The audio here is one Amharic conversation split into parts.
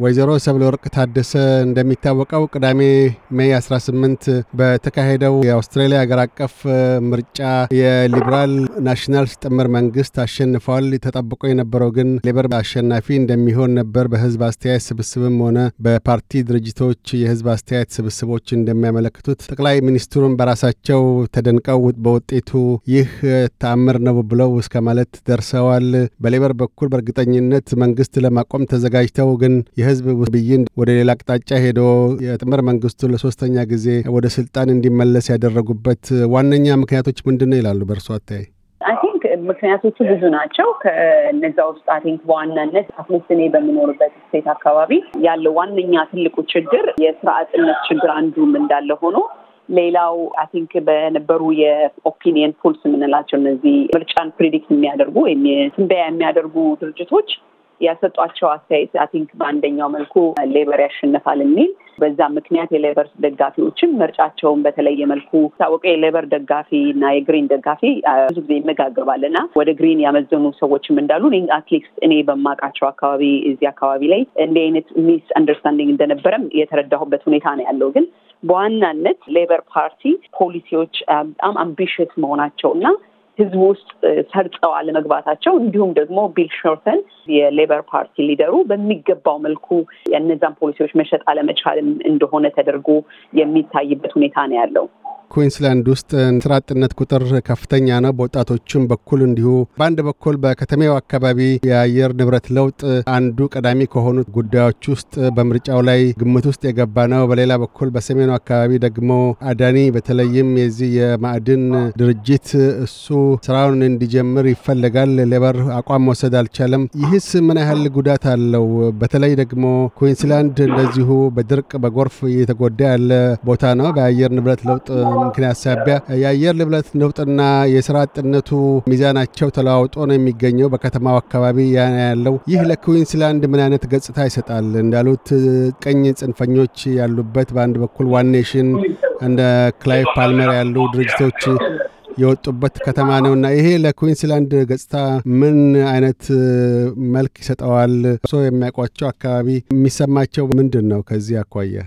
ወይዘሮ ሰብለ ወርቅ ታደሰ እንደሚታወቀው ቅዳሜ ሜይ 18 በተካሄደው የአውስትራሊያ ሀገር አቀፍ ምርጫ የሊበራል ናሽናልስ ጥምር መንግስት አሸንፏል። ተጠብቆ የነበረው ግን ሌበር አሸናፊ እንደሚሆን ነበር። በህዝብ አስተያየት ስብስብም ሆነ በፓርቲ ድርጅቶች የህዝብ አስተያየት ስብስቦች እንደሚያመለክቱት ጠቅላይ ሚኒስትሩም በራሳቸው ተደንቀው በውጤቱ ይህ ተአምር ነው ብለው እስከ ማለት ደርሰዋል። በሌበር በኩል በእርግጠኝነት መንግስት ለማቆም ተዘጋጅተው ግን የህዝብ ብይን ወደ ሌላ አቅጣጫ ሄዶ የጥምር መንግስቱ ለሶስተኛ ጊዜ ወደ ስልጣን እንዲመለስ ያደረጉበት ዋነኛ ምክንያቶች ምንድን ነው ይላሉ በእርሶ አታይ? ምክንያቶቹ ብዙ ናቸው። ከነዛ ውስጥ አይ በዋናነት አትሊስት እኔ በምኖርበት ስቴት አካባቢ ያለው ዋነኛ ትልቁ ችግር የስራ አጥነት ችግር አንዱም እንዳለ ሆኖ ሌላው አይ በነበሩ የኦፒኒየን ፖልስ የምንላቸው እነዚህ ምርጫን ፕሪዲክት የሚያደርጉ ወይም ትንበያ የሚያደርጉ ድርጅቶች ያሰጧቸው አስተያየት አይ ቲንክ በአንደኛው መልኩ ሌበር ያሸንፋል የሚል በዛ ምክንያት የሌበር ደጋፊዎችም ምርጫቸውን በተለየ መልኩ ታወቀ። የሌበር ደጋፊ እና የግሪን ደጋፊ ብዙ ጊዜ ይመጋገባል እና ወደ ግሪን ያመዘኑ ሰዎችም እንዳሉ አትሊስት እኔ በማውቃቸው አካባቢ እዚህ አካባቢ ላይ እንዲህ አይነት ሚስ አንደርስታንዲንግ እንደነበረም የተረዳሁበት ሁኔታ ነው ያለው ግን በዋናነት ሌበር ፓርቲ ፖሊሲዎች በጣም አምቢሽስ መሆናቸው እና ህዝብ ውስጥ ሰርጸዋ ለመግባታቸው እንዲሁም ደግሞ ቢል ሾርተን የሌበር ፓርቲ ሊደሩ በሚገባው መልኩ የእነዛን ፖሊሲዎች መሸጥ አለመቻልም እንደሆነ ተደርጎ የሚታይበት ሁኔታ ነው ያለው። ኩዊንስላንድ ውስጥ ስራ አጥነት ቁጥር ከፍተኛ ነው። በወጣቶችም በኩል እንዲሁ። በአንድ በኩል በከተማው አካባቢ የአየር ንብረት ለውጥ አንዱ ቀዳሚ ከሆኑት ጉዳዮች ውስጥ በምርጫው ላይ ግምት ውስጥ የገባ ነው። በሌላ በኩል በሰሜኑ አካባቢ ደግሞ አዳኒ በተለይም የዚህ የማዕድን ድርጅት እሱ ስራውን እንዲጀምር ይፈለጋል። ሌበር አቋም መውሰድ አልቻለም። ይህስ ምን ያህል ጉዳት አለው? በተለይ ደግሞ ኩዊንስላንድ እንደዚሁ በድርቅ በጎርፍ እየተጎዳ ያለ ቦታ ነው። በአየር ንብረት ለውጥ ምክንያት ሳቢያ የአየር ልብለት ለውጥና የስራ አጥነቱ ሚዛናቸው ተለዋውጦ ነው የሚገኘው በከተማው አካባቢ ያለው። ይህ ለኩዊንስላንድ ምን አይነት ገጽታ ይሰጣል? እንዳሉት ቀኝ ጽንፈኞች ያሉበት በአንድ በኩል ዋን ኔሽን እንደ ክላይቭ ፓልመር ያሉ ድርጅቶች የወጡበት ከተማ እና ይሄ ለኩዊንስላንድ ገጽታ ምን አይነት መልክ ይሰጠዋል? እርስዎ የሚያውቋቸው አካባቢ የሚሰማቸው ምንድን ነው? ከዚህ አኳያ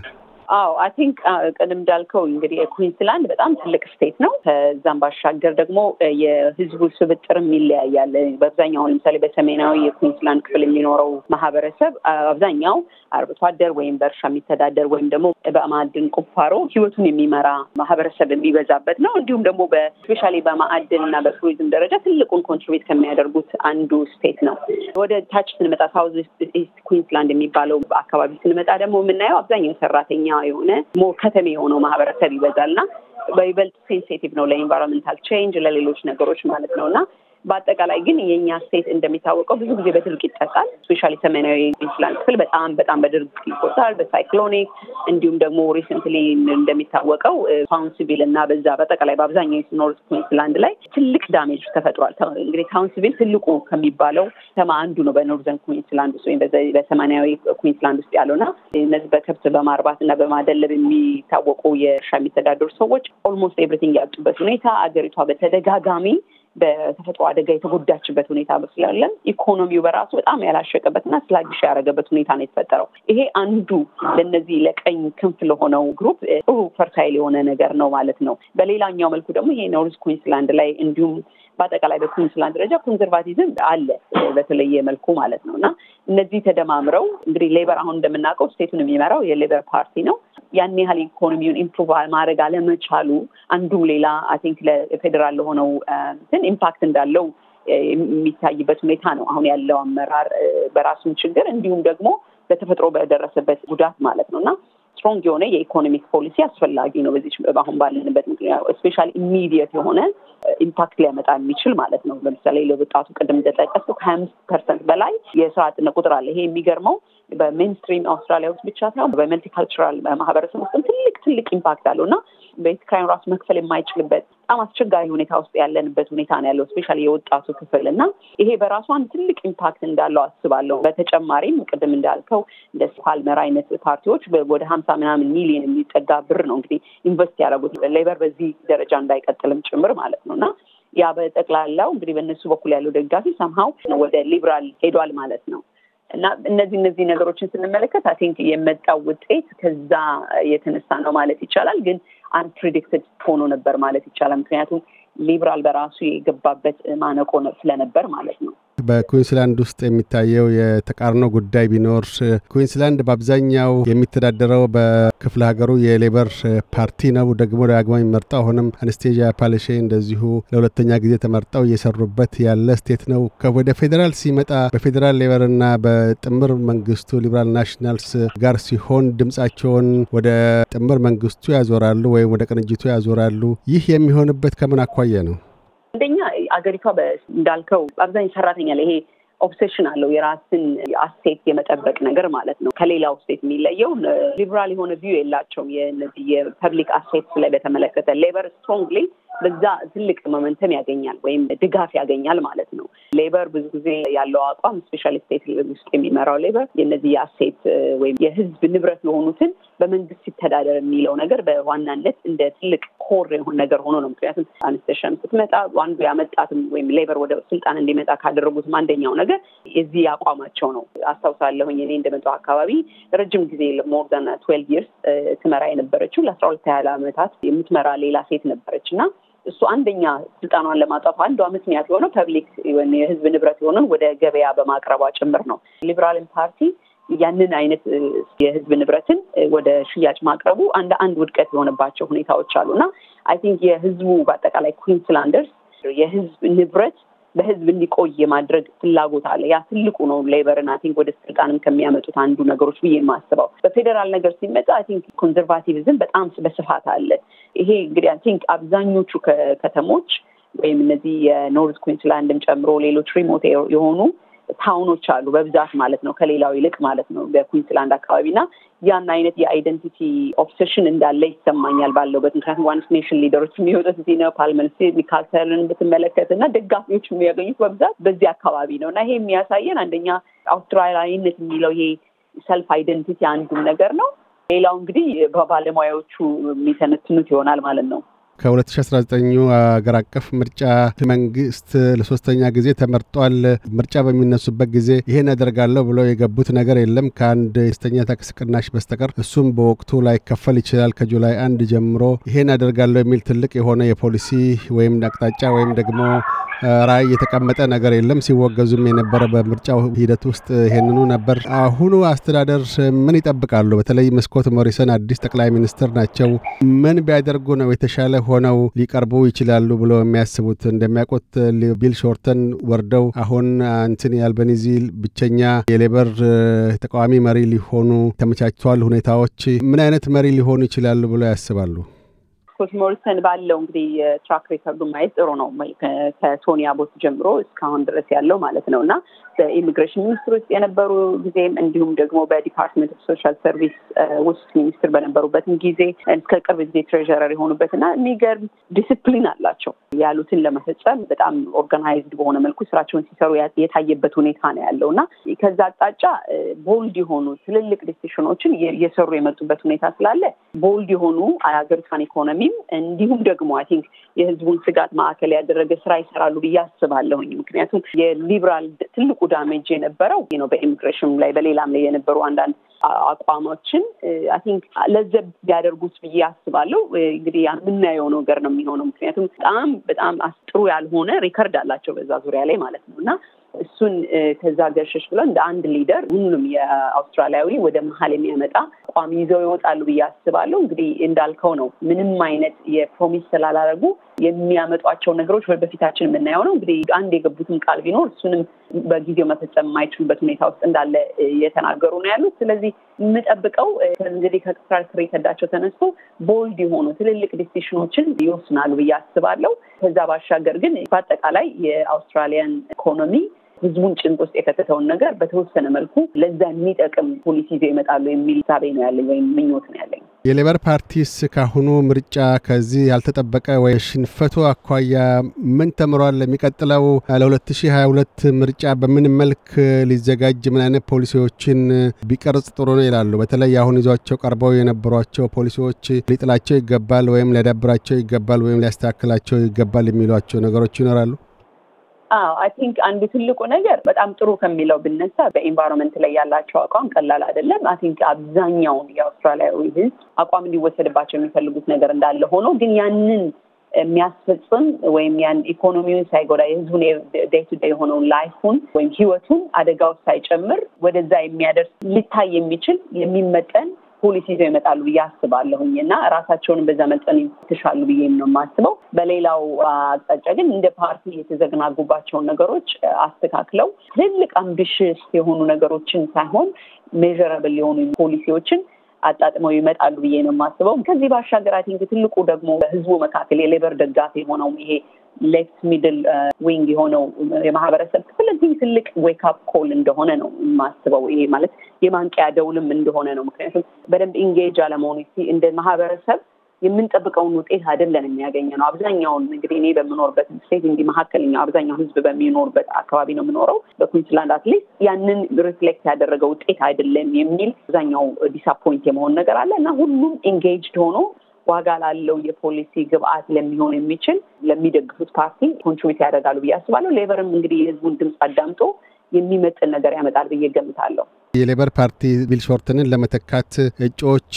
አዎ አይ ቲንክ uh, ቅድም እንዳልከው እንግዲህ የኩዊንስላንድ በጣም ትልቅ ስቴት ነው። ከዛም ባሻገር ደግሞ uh, የህዝቡ ስብጥርም ይለያያል። በአብዛኛው ለምሳሌ በሰሜናዊ የኩዊንስላንድ ክፍል የሚኖረው ማህበረሰብ uh, አብዛኛው አርብቶ አደር ወይም በእርሻ የሚተዳደር ወይም ደግሞ በማዕድን ቁፋሮ ህይወቱን የሚመራ ማህበረሰብ የሚበዛበት ነው። እንዲሁም ደግሞ በስፔሻሊ በማዕድን እና በቱሪዝም ደረጃ ትልቁን ኮንትሪቢዩት ከሚያደርጉት አንዱ ስቴት ነው። ወደ ታች ስንመጣ ሳውዝ ኢስት ኩዊንስላንድ የሚባለው አካባቢ ስንመጣ ደግሞ የምናየው አብዛኛው ሰራተኛ የሆነ ሞር ከተሜ የሆነው ማህበረሰብ ይበዛልና በይበልጥ ሴንሴቲቭ ነው ለኢንቫይሮንመንታል ቼንጅ ለሌሎች ነገሮች ማለት ነው እና በአጠቃላይ ግን የእኛ ስቴት እንደሚታወቀው ብዙ ጊዜ በድርቅ ይጠቃል። ስፔሻሊ ሰሜናዊ ኢንሱላን ክፍል በጣም በጣም በድርቅ ይቆጣል፣ በሳይክሎኒክ እንዲሁም ደግሞ ሪሰንትሊ እንደሚታወቀው ታውንስቪል እና በዛ በአጠቃላይ በአብዛኛው ኖርት ኩንስላንድ ላይ ትልቅ ዳሜጅ ተፈጥሯል። እንግዲህ ታውንስቪል ትልቁ ከሚባለው ከተማ አንዱ ነው በኖርዘን ኩንስላንድ ውስጥ ወይም በሰማናዊ ኩንስላንድ ውስጥ ያለው ያለውና እነዚህ በከብት በማርባት እና በማደለብ የሚታወቁ የእርሻ የሚተዳደሩ ሰዎች ኦልሞስት ኤቭሪቲንግ ያጡበት ሁኔታ አገሪቷ በተደጋጋሚ በተፈጥሮ አደጋ የተጎዳችበት ሁኔታ ስላለን ኢኮኖሚው በራሱ በጣም ያላሸቀበትና ስላጊሽ ያደረገበት ሁኔታ ነው የተፈጠረው። ይሄ አንዱ ለነዚህ ለቀኝ ክንፍ ለሆነው ግሩፕ ጥሩ ፈርታይል የሆነ ነገር ነው ማለት ነው። በሌላኛው መልኩ ደግሞ ይሄ ኖርዝ ኩዊንስላንድ ላይ እንዲሁም በአጠቃላይ በኩዊንስላንድ ደረጃ ኮንዘርቫቲዝም አለ በተለየ መልኩ ማለት ነው እና እነዚህ ተደማምረው እንግዲህ ሌበር አሁን እንደምናውቀው ስቴቱን የሚመራው የሌበር ፓርቲ ነው። ያን ያህል ኢኮኖሚውን ኢምፕሩቭ ማድረግ አለመቻሉ አንዱ ሌላ አይ ቲንክ ለፌዴራል ለሆነው እንትን ኢምፓክት እንዳለው የሚታይበት ሁኔታ ነው አሁን ያለው አመራር በራሱን ችግር እንዲሁም ደግሞ በተፈጥሮ በደረሰበት ጉዳት ማለት ነው እና ስትሮንግ የሆነ የኢኮኖሚክ ፖሊሲ አስፈላጊ ነው። በዚህ አሁን ባለንበት ምክንያት ስፔሻል ኢሚዲየት የሆነ ኢምፓክት ሊያመጣ የሚችል ማለት ነው። ለምሳሌ ለወጣቱ ቅድም እንደጠቀስኩ ከሀያ አምስት ፐርሰንት በላይ የስራ አጥነት ቁጥር አለ። ይሄ የሚገርመው በሜንስትሪም አውስትራሊያ ውስጥ ብቻ ሳይሆን በመልቲካልቸራል ማህበረሰብ ውስጥም ትልቅ ትልቅ ኢምፓክት አለው እና ቤት ክራይም ራሱ መክፈል የማይችልበት በጣም አስቸጋሪ ሁኔታ ውስጥ ያለንበት ሁኔታ ነው ያለው ስፔሻ የወጣቱ ክፍል እና ይሄ በራሷን ትልቅ ኢምፓክት እንዳለው አስባለሁ። በተጨማሪም ቅድም እንዳልከው እንደ ፓልመር አይነት ፓርቲዎች ወደ ሀምሳ ምናምን ሚሊዮን የሚጠጋ ብር ነው እንግዲህ ኢንቨስት ያደረጉት ሌበር በዚህ ደረጃ እንዳይቀጥልም ጭምር ማለት ነው እና ያ በጠቅላላው እንግዲህ በእነሱ በኩል ያለው ደጋፊ ሰምሀው ወደ ሊብራል ሄዷል ማለት ነው። እና እነዚህ እነዚህ ነገሮችን ስንመለከት አይ የመጣው ውጤት ከዛ የተነሳ ነው ማለት ይቻላል። ግን አንፕሪዲክትድ ሆኖ ነበር ማለት ይቻላል። ምክንያቱም ሊብራል በራሱ የገባበት ማነቆ ስለነበር ማለት ነው። በኩዊንስላንድ ውስጥ የሚታየው የተቃርኖ ጉዳይ ቢኖር ኩዊንስላንድ በአብዛኛው የሚተዳደረው በክፍለ ሀገሩ የሌበር ፓርቲ ነው፣ ደግሞ ዳግሞ የሚመርጠው አሁንም አነስቴዣ ፓለሼ እንደዚሁ ለሁለተኛ ጊዜ ተመርጠው እየሰሩበት ያለ ስቴት ነው። ወደ ፌዴራል ሲመጣ በፌዴራል ሌበርና በጥምር መንግስቱ ሊበራል ናሽናልስ ጋር ሲሆን ድምጻቸውን ወደ ጥምር መንግስቱ ያዞራሉ ወይም ወደ ቅንጅቱ ያዞራሉ። ይህ የሚሆንበት ከምን አኳያ ነው? አንደኛ አገሪቷ እንዳልከው አብዛኛው ሰራተኛ ላይ ይሄ ኦብሴሽን አለው የራስን አሴት የመጠበቅ ነገር ማለት ነው። ከሌላው ስቴት የሚለየው ሊብራል የሆነ ቪው የላቸውም። የነዚህ የፐብሊክ አሴት ላይ በተመለከተ ሌበር ስትሮንግሊ በዛ ትልቅ መመንተም ያገኛል ወይም ድጋፍ ያገኛል ማለት ነው። ሌበር ብዙ ጊዜ ያለው አቋም ስፔሻል ስቴት ውስጥ የሚመራው ሌበር የነዚህ የአሴት ወይም የህዝብ ንብረት የሆኑትን በመንግስት ሲተዳደር የሚለው ነገር በዋናነት እንደ ትልቅ ኮር የሆን ነገር ሆኖ ነው። ምክንያቱም አነስተሻም ስትመጣ አንዱ ያመጣትም ወይም ሌበር ወደ ስልጣን እንዲመጣ ካደረጉትም አንደኛው ነገር የዚህ አቋማቸው ነው። አስታውሳለሁኝ እኔ እንደመጣሁ አካባቢ ረጅም ጊዜ ሞር ትዌልቭ ይርስ ትመራ የነበረችው ለአስራ ሁለት ያህል ዓመታት የምትመራ ሌላ ሴት ነበረች እና እሱ አንደኛ ስልጣኗን ለማጣት አንዷ ምክንያት የሆነው ፐብሊክ የህዝብ ንብረት የሆነን ወደ ገበያ በማቅረቧ ጭምር ነው። ሊበራልን ፓርቲ ያንን አይነት የህዝብ ንብረትን ወደ ሽያጭ ማቅረቡ አንድ አንድ ውድቀት የሆነባቸው ሁኔታዎች አሉ እና አይ ቲንክ የህዝቡ በአጠቃላይ ኩዊንስላንደርስ የህዝብ ንብረት በህዝብ እንዲቆይ የማድረግ ፍላጎት አለ። ያ ትልቁ ነው ሌበርን አይ ቲንክ ወደ ስልጣንም ከሚያመጡት አንዱ ነገሮች ብዬ የማስበው። በፌዴራል ነገር ሲመጣ አይ ቲንክ ኮንዘርቫቲቪዝም በጣም በስፋት አለ። ይሄ እንግዲህ አይ ቲንክ አብዛኞቹ ከተሞች ወይም እነዚህ የኖርዝ ኩዊንስላንድም ጨምሮ ሌሎች ሪሞት የሆኑ ታውኖች አሉ በብዛት ማለት ነው፣ ከሌላው ይልቅ ማለት ነው በኩንስላንድ አካባቢ እና ያን አይነት የአይደንቲቲ ኦብሴሽን እንዳለ ይሰማኛል ባለውበት። ምክንያቱም ዋንስ ኔሽን ሊደሮች የሚወጡት እዚህ ነው። ፓርላመንት ካልቸርን ብትመለከት እና ደጋፊዎች የሚያገኙት በብዛት በዚህ አካባቢ ነው እና ይሄ የሚያሳየን አንደኛ አውስትራሊያዊነት የሚለው ይሄ ሰልፍ አይደንቲቲ አንዱም ነገር ነው። ሌላው እንግዲህ በባለሙያዎቹ የሚተነትኑት ይሆናል ማለት ነው። ከ2019 አገር አቀፍ ምርጫ መንግስት ለሶስተኛ ጊዜ ተመርጧል። ምርጫ በሚነሱበት ጊዜ ይሄን ያደርጋለሁ ብለው የገቡት ነገር የለም ከአንድ የስተኛ ታክስ ቅናሽ በስተቀር እሱም በወቅቱ ላይከፈል ይችላል። ከጁላይ አንድ ጀምሮ ይሄን ያደርጋለሁ የሚል ትልቅ የሆነ የፖሊሲ ወይም አቅጣጫ ወይም ደግሞ ራዕይ የተቀመጠ ነገር የለም። ሲወገዙም የነበረ በምርጫው ሂደት ውስጥ ይሄንኑ ነበር። አሁኑ አስተዳደር ምን ይጠብቃሉ? በተለይ መስኮት ሞሪሰን አዲስ ጠቅላይ ሚኒስትር ናቸው። ምን ቢያደርጉ ነው የተሻለ ሆነው ሊቀርቡ ይችላሉ ብሎ የሚያስቡት? እንደሚያውቁት ቢል ሾርተን ወርደው አሁን አንቶኒ አልበኒዚ ብቸኛ የሌበር ተቃዋሚ መሪ ሊሆኑ ተመቻችቷል። ሁኔታዎች ምን አይነት መሪ ሊሆኑ ይችላሉ ብሎ ያስባሉ? ማርኮስ ሞሪሰን ባለው እንግዲህ ትራክ ሬከርዱ ማየት ጥሩ ነው። ከቶኒ አቦት ጀምሮ እስካሁን ድረስ ያለው ማለት ነው እና በኢሚግሬሽን ሚኒስትር ውስጥ የነበሩ ጊዜም እንዲሁም ደግሞ በዲፓርትመንት ኦፍ ሶሻል ሰርቪስ ውስጥ ሚኒስትር በነበሩበትም ጊዜ እስከ ቅርብ ጊዜ ትሬዥረር የሆኑበት እና የሚገርም ዲስፕሊን አላቸው። ያሉትን ለመፈጸም በጣም ኦርጋናይዝድ በሆነ መልኩ ስራቸውን ሲሰሩ የታየበት ሁኔታ ነው ያለው እና ከዛ አቅጣጫ ቦልድ የሆኑ ትልልቅ ዲሲሽኖችን እየሰሩ የመጡበት ሁኔታ ስላለ ቦልድ የሆኑ አገሪቷን ኢኮኖሚ አለኝ። እንዲሁም ደግሞ አይ ቲንክ የህዝቡን ስጋት ማዕከል ያደረገ ስራ ይሰራሉ ብዬ አስባለሁኝ። ምክንያቱም የሊብራል ትልቁ ዳሜጅ የነበረው ነው በኢሚግሬሽን ላይ በሌላም ላይ የነበሩ አንዳንድ አቋሞችን አይ ቲንክ ለዘብ ያደርጉት ብዬ አስባለሁ። እንግዲህ የምናየው ነገር ነው የሚሆነው። ምክንያቱም በጣም በጣም አስጥሩ ያልሆነ ሪከርድ አላቸው በዛ ዙሪያ ላይ ማለት ነው እና እሱን ከዛ ገሸሽ ብለው እንደ አንድ ሊደር ሁሉም የአውስትራሊያዊ ወደ መሀል የሚያመጣ አቋም ይዘው ይወጣሉ ብዬ አስባለሁ። እንግዲህ እንዳልከው ነው። ምንም አይነት የፕሮሚስ ስላላረጉ የሚያመጧቸው ነገሮች በፊታችን የምናየው ነው። እንግዲህ አንድ የገቡትም ቃል ቢኖር እሱንም በጊዜው መፈጸም የማይችሉበት ሁኔታ ውስጥ እንዳለ እየተናገሩ ነው ያሉት። ስለዚህ የምጠብቀው እንግዲህ ከቅፍራር ተነስቶ ቦልድ የሆኑ ትልልቅ ዲሲሽኖችን ይወስናሉ ብዬ አስባለሁ። ከዛ ባሻገር ግን በአጠቃላይ የአውስትራሊያን ኢኮኖሚ ህዝቡን ጭንቅ ውስጥ የከተተውን ነገር በተወሰነ መልኩ ለዛ የሚጠቅም ፖሊሲ ይዘው ይመጣሉ የሚል ሳቤ ነው ያለኝ ወይም ምኞት ነው ያለኝ። የሌበር ፓርቲስ ካሁኑ ምርጫ ከዚህ ያልተጠበቀ ወይ ሽንፈቱ አኳያ ምን ተምሯል? ለሚቀጥለው ለ2022 ምርጫ በምን መልክ ሊዘጋጅ ምን አይነት ፖሊሲዎችን ቢቀርጽ ጥሩ ነው ይላሉ? በተለይ አሁን ይዟቸው ቀርበው የነበሯቸው ፖሊሲዎች ሊጥላቸው ይገባል ወይም ሊያዳብራቸው ይገባል ወይም ሊያስተካክላቸው ይገባል የሚሏቸው ነገሮች ይኖራሉ? አዎ አይ ቲንክ አንዱ ትልቁ ነገር በጣም ጥሩ ከሚለው ብነሳ በኢንቫይሮንመንት ላይ ያላቸው አቋም ቀላል አይደለም። አይ ቲንክ አብዛኛውን የአውስትራሊያዊ ህዝብ አቋም እንዲወሰድባቸው የሚፈልጉት ነገር እንዳለ ሆኖ ግን ያንን የሚያስፈጽም ወይም ያን ኢኮኖሚውን ሳይጎዳ የህዝቡን ዴይ ቱ ዴይ የሆነውን ላይፉን ወይም ህይወቱን አደጋ ውስጥ ሳይጨምር ወደዛ የሚያደርስ ሊታይ የሚችል የሚመጠን ፖሊሲ ይዘው ይመጣሉ ብዬ አስባለሁኝ እና ራሳቸውንም በዛ መጠን ይትሻሉ ብዬም ነው የማስበው። በሌላው አቅጣጫ ግን እንደ ፓርቲ የተዘግናጉባቸውን ነገሮች አስተካክለው ትልልቅ አምቢሽስ የሆኑ ነገሮችን ሳይሆን ሜዥረብል የሆኑ ፖሊሲዎችን አጣጥመው ይመጣሉ ብዬ ነው የማስበው። ከዚህ ባሻገር አይ ትልቁ ደግሞ በህዝቡ መካከል የሌበር ደጋፊ የሆነው ይሄ ሌፍት ሚድል ዊንግ የሆነው የማህበረሰብ ክፍል እዚህ ትልቅ ዌክ አፕ ኮል እንደሆነ ነው የማስበው። ይሄ ማለት የማንቂያ ደውልም እንደሆነ ነው። ምክንያቱም በደንብ ኢንጌጅ አለመሆኑ እንደ ማህበረሰብ የምንጠብቀውን ውጤት አይደለን የሚያገኘ ነው። አብዛኛውን እንግዲህ እኔ በምኖርበት ስቴት እንዲህ መካከለኛው አብዛኛው ህዝብ በሚኖርበት አካባቢ ነው የምኖረው በኩንስላንድ አትሊስት ያንን ሪፍሌክት ያደረገ ውጤት አይደለም የሚል አብዛኛው ዲሳፖይንት የመሆን ነገር አለ እና ሁሉም ኢንጌጅድ ሆኖ ዋጋ ላለው የፖሊሲ ግብአት ለሚሆን የሚችል ለሚደግፉት ፓርቲ ኮንትሪቢዩት ያደርጋሉ ብዬ አስባለሁ። ሌቨርም እንግዲህ የህዝቡን ድምፅ አዳምጦ የሚመጥን ነገር ያመጣል ብዬ ገምታለሁ። የሌበር ፓርቲ ቢልሾርትንን ለመተካት እጩዎች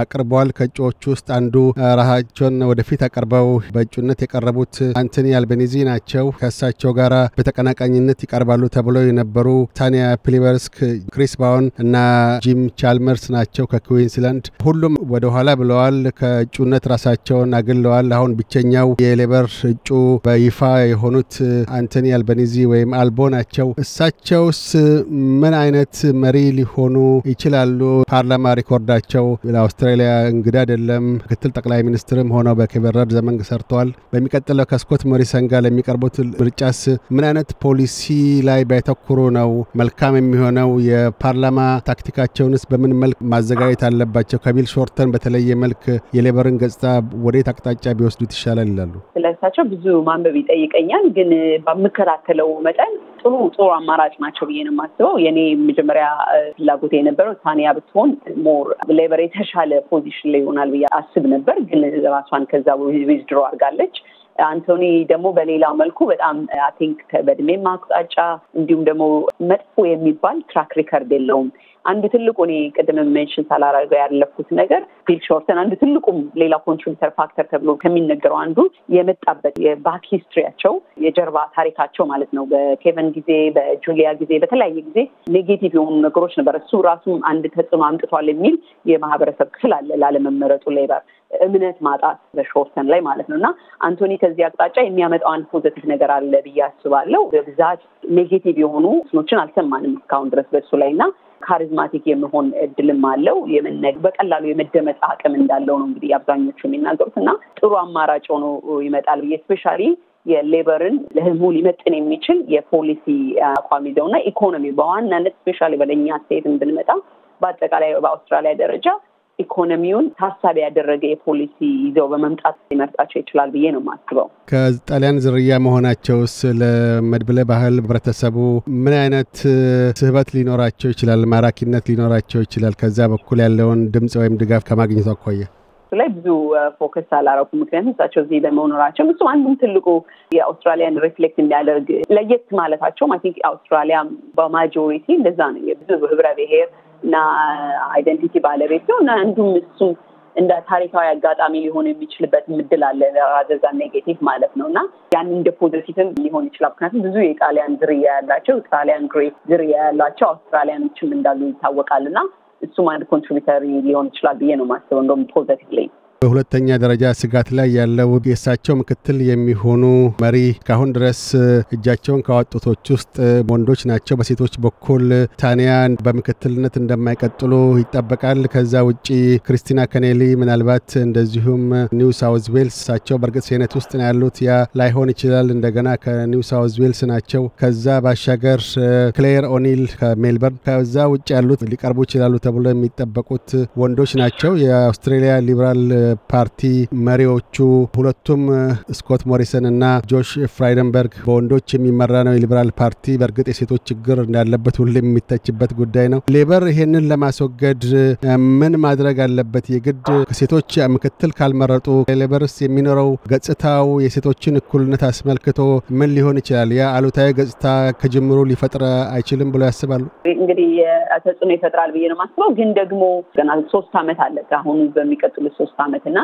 አቅርበዋል። ከእጩዎች ውስጥ አንዱ ራሳቸውን ወደፊት አቅርበው በእጩነት የቀረቡት አንቶኒ አልቤኒዚ ናቸው። ከእሳቸው ጋር በተቀናቃኝነት ይቀርባሉ ተብለው የነበሩ ታንያ ፕሊበርስክ፣ ክሪስ ባውን እና ጂም ቻልመርስ ናቸው ከኩዊንስላንድ። ሁሉም ወደኋላ ብለዋል። ከእጩነት ራሳቸውን አግለዋል። አሁን ብቸኛው የሌበር እጩ በይፋ የሆኑት አንቶኒ አልቤኒዚ ወይም አልቦ ናቸው። እሳቸውስ ምን አይነት መሪ ሊሆኑ ይችላሉ። ፓርላማ ሪኮርዳቸው ለአውስትራሊያ እንግዳ አይደለም። ምክትል ጠቅላይ ሚኒስትርም ሆነው በኬቨረድ ዘመን ሰርተዋል። በሚቀጥለው ከስኮት ሞሪሰን ጋር ለሚቀርቡት ምርጫስ ምን አይነት ፖሊሲ ላይ ባይተኩሩ ነው መልካም የሚሆነው? የፓርላማ ታክቲካቸውንስ በምን መልክ ማዘጋጀት አለባቸው? ከቢል ሾርተን በተለየ መልክ የሌበርን ገጽታ ወዴት አቅጣጫ ቢወስዱት ይሻላል ይላሉ። ስለሳቸው ብዙ ማንበብ ይጠይቀኛል፣ ግን በምከታተለው መጠን ጥሩ ጥሩ አማራጭ ናቸው ብዬ ነው የማስበው የኔ መጀመሪያ የመጀመሪያ ፍላጎት የነበረው ታንያ ብትሆን ሞር ሌበር የተሻለ ፖዚሽን ላይ ይሆናል ብዬ አስብ ነበር፣ ግን ራሷን ከዛ ዊዝድሮ አድርጋለች። አንቶኒ ደግሞ በሌላ መልኩ በጣም አይ ቲንክ በእድሜ ማቅጣጫ እንዲሁም ደግሞ መጥፎ የሚባል ትራክ ሪከርድ የለውም። አንዱ ትልቁ እኔ ቅድም ሜንሽን ሳላረገው ያለኩት ነገር ቢል ሾርተን አንዱ ትልቁም ሌላ ኮንትሪቢተር ፋክተር ተብሎ ከሚነገረው አንዱ የመጣበት የባክ ሂስትሪያቸው የጀርባ ታሪካቸው ማለት ነው። በኬቨን ጊዜ፣ በጁሊያ ጊዜ፣ በተለያየ ጊዜ ኔጌቲቭ የሆኑ ነገሮች ነበር። እሱ ራሱም አንድ ተጽዕኖ አምጥቷል የሚል የማህበረሰብ ክፍል አለ። ላለመመረጡ ሌበር እምነት ማጣት በሾርተን ላይ ማለት ነው። እና አንቶኒ ከዚህ አቅጣጫ የሚያመጣው አንድ ፖዘቲቭ ነገር አለ ብዬ አስባለሁ። በብዛት ኔጌቲቭ የሆኑ ስኖችን አልሰማንም እስካሁን ድረስ በእሱ ላይ እና ካሪዝማቲክ የመሆን እድልም አለው። የመነግ በቀላሉ የመደመጥ አቅም እንዳለው ነው እንግዲህ አብዛኞቹ የሚናገሩት እና ጥሩ አማራጭ ሆኖ ይመጣል ብዬ ስፔሻሊ የሌበርን ለህዝቡ ሊመጥን የሚችል የፖሊሲ አቋም ይዘው እና ኢኮኖሚ በዋናነት ስፔሻሊ በለኛ አስተያየትን ብንመጣ በአጠቃላይ በአውስትራሊያ ደረጃ ኢኮኖሚውን ታሳቢ ያደረገ የፖሊሲ ይዘው በመምጣት ሊመርጣቸው ይችላል ብዬ ነው የማስበው። ከጣሊያን ዝርያ መሆናቸውስ ለመድብለ ባህል ህብረተሰቡ ምን አይነት ስህበት ሊኖራቸው ይችላል? ማራኪነት ሊኖራቸው ይችላል? ከዛ በኩል ያለውን ድምፅ ወይም ድጋፍ ከማግኘቱ አኳያ ላይ ብዙ ፎከስ አላረኩ። ምክንያቱም እሳቸው እዚህ በመኖራቸው እሱም አንዱም ትልቁ የአውስትራሊያን ሪፍሌክት እንዲያደርግ ለየት ማለታቸውም አይ ቲንክ አውስትራሊያ በማጆሪቲ እንደዛ ነው የብዙ ህብረ እና አይደንቲቲ uh, ባለቤት ነው እና እንዱም እሱ እንደ ታሪካዊ አጋጣሚ ሊሆን የሚችልበት ምድል አለ ራዘዛ ኔጌቲቭ ማለት ነው እና ያን እንደ ፖዘቲቭም ሊሆን ይችላል። ምክንያቱም ብዙ የጣሊያን ዝርያ ያላቸው ጣሊያን ግሬት ዝርያ ያላቸው አውስትራሊያኖችም እንዳሉ ይታወቃል እና እሱም አንድ ኮንትሪቢተሪ ሊሆን ይችላል ብዬ ነው ማስበው እንደውም ፖዘቲቭ ላይ በሁለተኛ ደረጃ ስጋት ላይ ያለው የእሳቸው ምክትል የሚሆኑ መሪ እስካሁን ድረስ እጃቸውን ካወጡቶች ውስጥ ወንዶች ናቸው። በሴቶች በኩል ታንያ በምክትልነት እንደማይቀጥሉ ይጠበቃል። ከዛ ውጪ ክሪስቲና ከኔሊ ምናልባት እንደዚሁም ኒው ሳውዝ ዌልስ እሳቸው በእርግጥ ሴኔት ውስጥ ነው ያሉት፣ ያ ላይሆን ይችላል። እንደገና ከኒው ሳውዝ ዌልስ ናቸው። ከዛ ባሻገር ክሌር ኦኒል ከሜልበርን፣ ከዛ ውጭ ያሉት ሊቀርቡ ይችላሉ ተብሎ የሚጠበቁት ወንዶች ናቸው። የአውስትሬሊያ ሊበራል ፓርቲ መሪዎቹ ሁለቱም ስኮት ሞሪሰን እና ጆሽ ፍራይደንበርግ በወንዶች የሚመራ ነው የሊበራል ፓርቲ። በእርግጥ የሴቶች ችግር እንዳለበት ሁሌም የሚተችበት ጉዳይ ነው። ሌበር ይሄንን ለማስወገድ ምን ማድረግ አለበት? የግድ ከሴቶች ምክትል ካልመረጡ ሌበርስ የሚኖረው ገጽታው የሴቶችን እኩልነት አስመልክቶ ምን ሊሆን ይችላል? ያ አሉታዊ ገጽታ ከጅምሩ ሊፈጥር አይችልም ብሎ ያስባሉ? እንግዲህ ተጽዕኖ ይፈጥራል ብዬ ነው ማስበው። ግን ደግሞ ገና ሶስት አመት አለ። አሁኑ በሚቀጥሉት ሶስት አመት ዓመት እና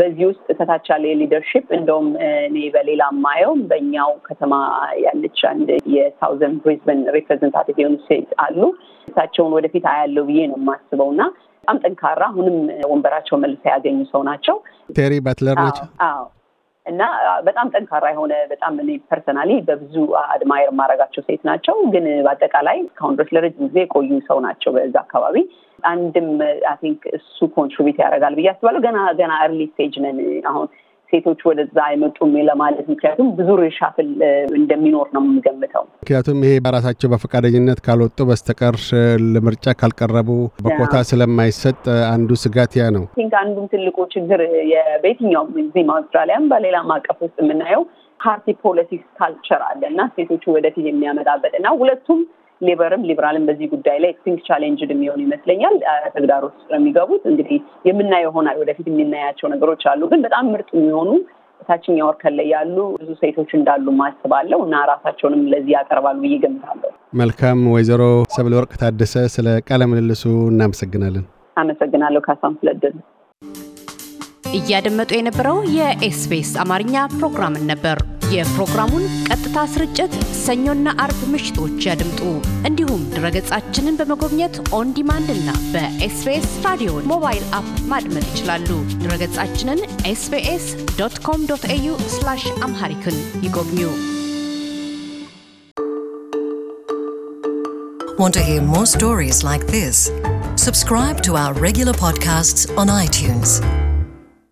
በዚህ ውስጥ ከታች ያለ ሊደርሽፕ እንደውም እኔ በሌላ ማየው በእኛው ከተማ ያለች አንድ የሳውዘን ብሪዝበን ሪፕሬዘንታቲቭ የሆኑ ሴት አሉ። እሳቸውን ወደፊት አያለው ብዬ ነው የማስበው እና በጣም ጠንካራ አሁንም ወንበራቸው መልሰ ያገኙ ሰው ናቸው። ቴሪ ባትለር ናቸው። እና በጣም ጠንካራ የሆነ በጣም እኔ ፐርሰናሊ በብዙ አድማየር የማረጋቸው ሴት ናቸው። ግን በአጠቃላይ እስካሁን ድረስ ለረጅም ጊዜ የቆዩ ሰው ናቸው በዛ አካባቢ። አንድም አይ ቲንክ እሱ ኮንትሪቢት ያደርጋል ብዬ አስባለሁ። ገና ገና እርሊ ስቴጅ ነን አሁን ሴቶች ወደዛ አይመጡም ለማለት ምክንያቱም ብዙ ርሻፍል እንደሚኖር ነው የምንገምተው። ምክንያቱም ይሄ በራሳቸው በፈቃደኝነት ካልወጡ በስተቀር ለምርጫ ካልቀረቡ በኮታ ስለማይሰጥ አንዱ ስጋት ያ ነው። ቲንክ አንዱም ትልቁ ችግር በየትኛውም ዚም አውስትራሊያም በሌላ አቀፍ ውስጥ የምናየው ፓርቲ ፖለቲክስ ካልቸር አለ እና ሴቶች ወደፊት የሚያመጣበት እና ሁለቱም ሌበርም ሊብራልም በዚህ ጉዳይ ላይ ቲንክ ቻሌንጅ የሚሆን ይመስለኛል። ተግዳሮት የሚገቡት። እንግዲህ የምናየው ይሆናል ወደፊት የምናያቸው ነገሮች አሉ። ግን በጣም ምርጥ የሚሆኑ ታችኛ እርከን ላይ ያሉ ብዙ ሴቶች እንዳሉ ማስባለው እና ራሳቸውንም ለዚህ ያቀርባሉ ብዬ ገምታለሁ መልካም። ወይዘሮ ሰብል ወርቅ ታደሰ ስለ ቃለ ምልልሱ እናመሰግናለን። አመሰግናለሁ ካሳም ስለ እያደመጡ የነበረው የኤስፔስ አማርኛ ፕሮግራምን ነበር። የፕሮግራሙን ቀጥታ ስርጭት ሰኞና አርብ ምሽቶች ያድምጡ። እንዲሁም ድረገጻችንን በመጎብኘት ኦን ዲማንድ እና በኤስቤስ ራዲዮ ሞባይል አፕ ማድመጥ ይችላሉ። ድረገጻችንን ኤስቤስ ዶት ኮም ዶት ኤዩ አምሃሪክን ይጎብኙ። Want to hear more stories like this? Subscribe to our regular podcasts on iTunes.